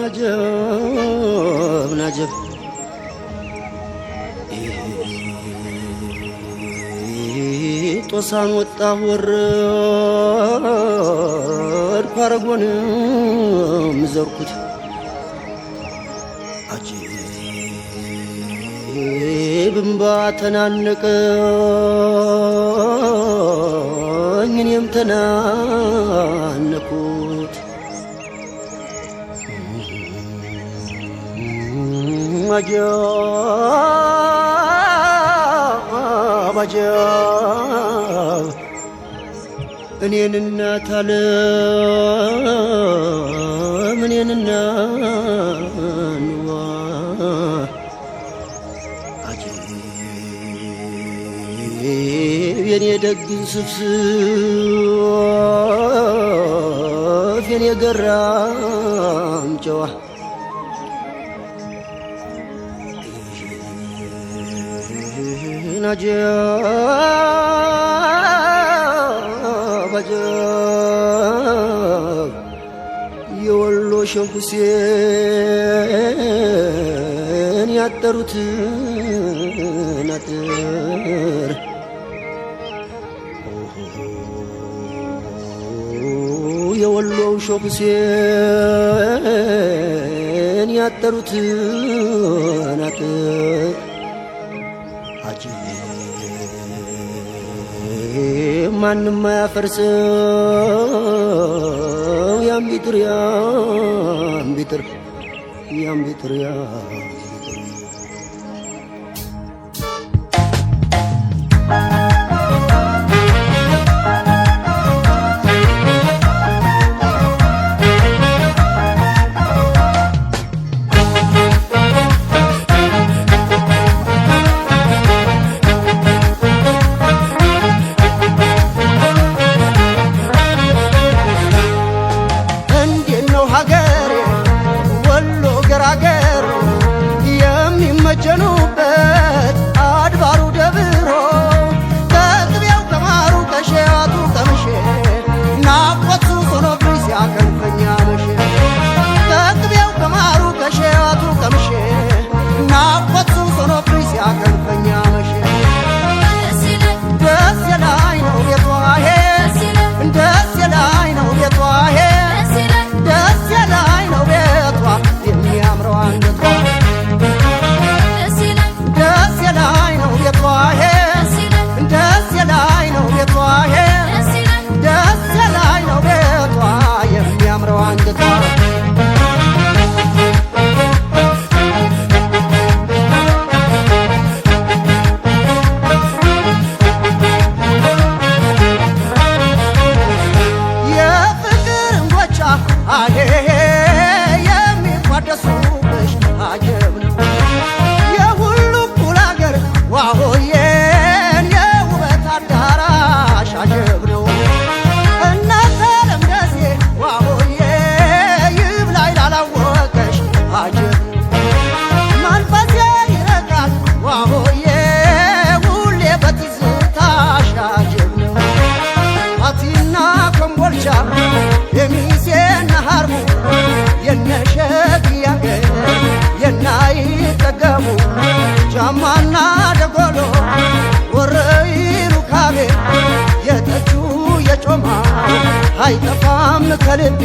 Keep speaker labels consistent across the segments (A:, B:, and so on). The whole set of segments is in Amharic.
A: ነጀብ ጦሳን ወጣ ወረድ ፓረጎን ዘርኩት አጅብ እምባ ተናነቀ ኖረኝ እኔም ተናነኩት አጃብ አጃብ እኔን እናት ዓለም እኔን እናንዋ የኔ ደግ ስብስብ የኔ ገራም ጨዋ የወሎ ሸንኩሴን ያጠሩትን አጥር ሁሉም ሾክሴን ያጠሩት ናት አጂ ማንም አያፈርሰው ያምቢጥር ያምቢጥር ያምቢጥር ያ Bye. አይጠፋም ከልቤ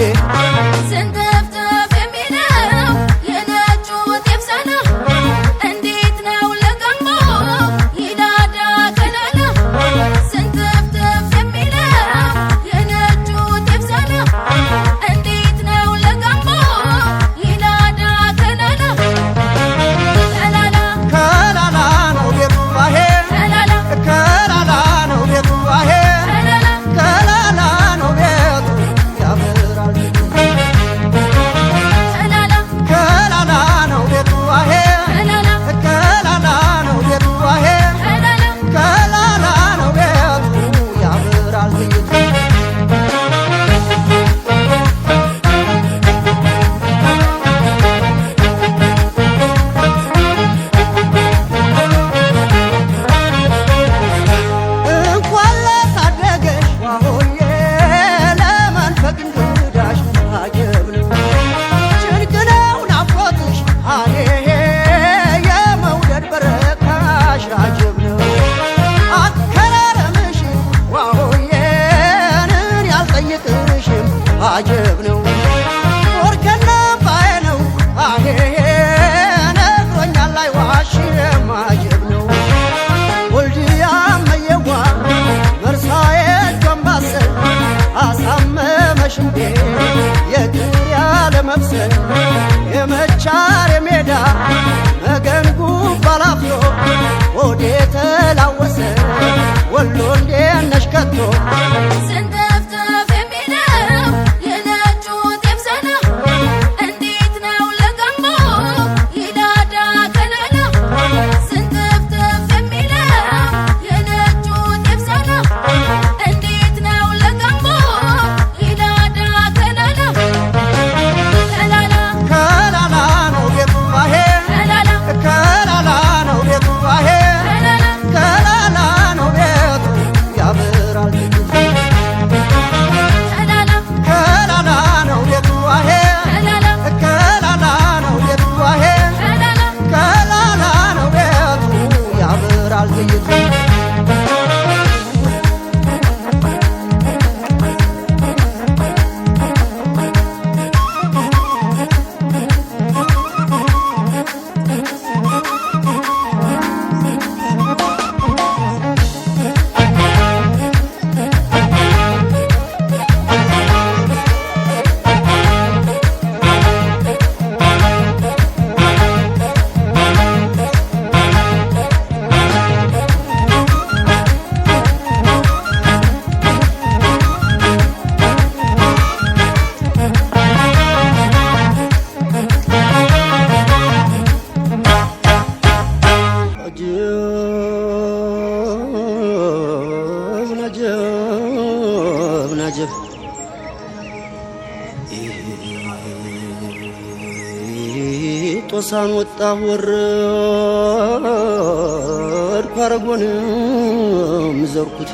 A: hours ጦሳን ወጣ ወረድኩ አረጎንም ዘርኩት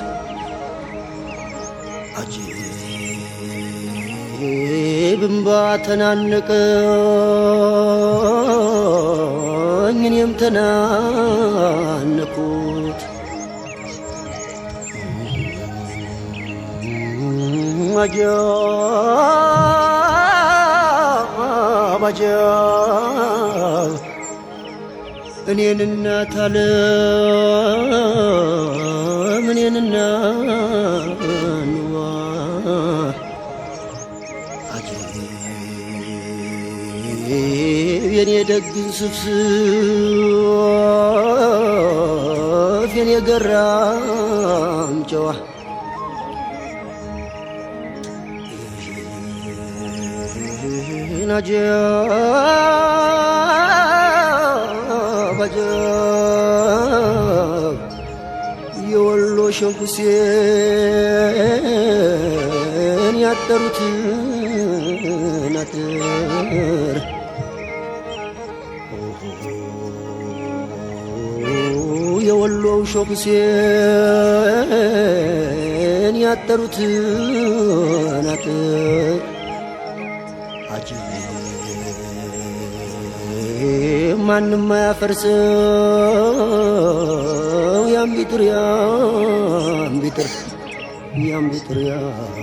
A: አጀብንባ ተናነቀኝ እኔም ተናነኩት አጀብ አጀብ እኔን እናት ዓለም እኔን እናት አጀብ የኔ ደግን ስብስፍ የኔ ገራም ጨዋ ናጀብ አጀብ የወሎ ሸንኩሴን ያጠሩትን አጥር የወሎው ሸንኩሴን ያጠሩትን አጥር አጀብ ማንም አያፈርሰው ያምቢጥር ያምቢጥር ያምቢጥር ያ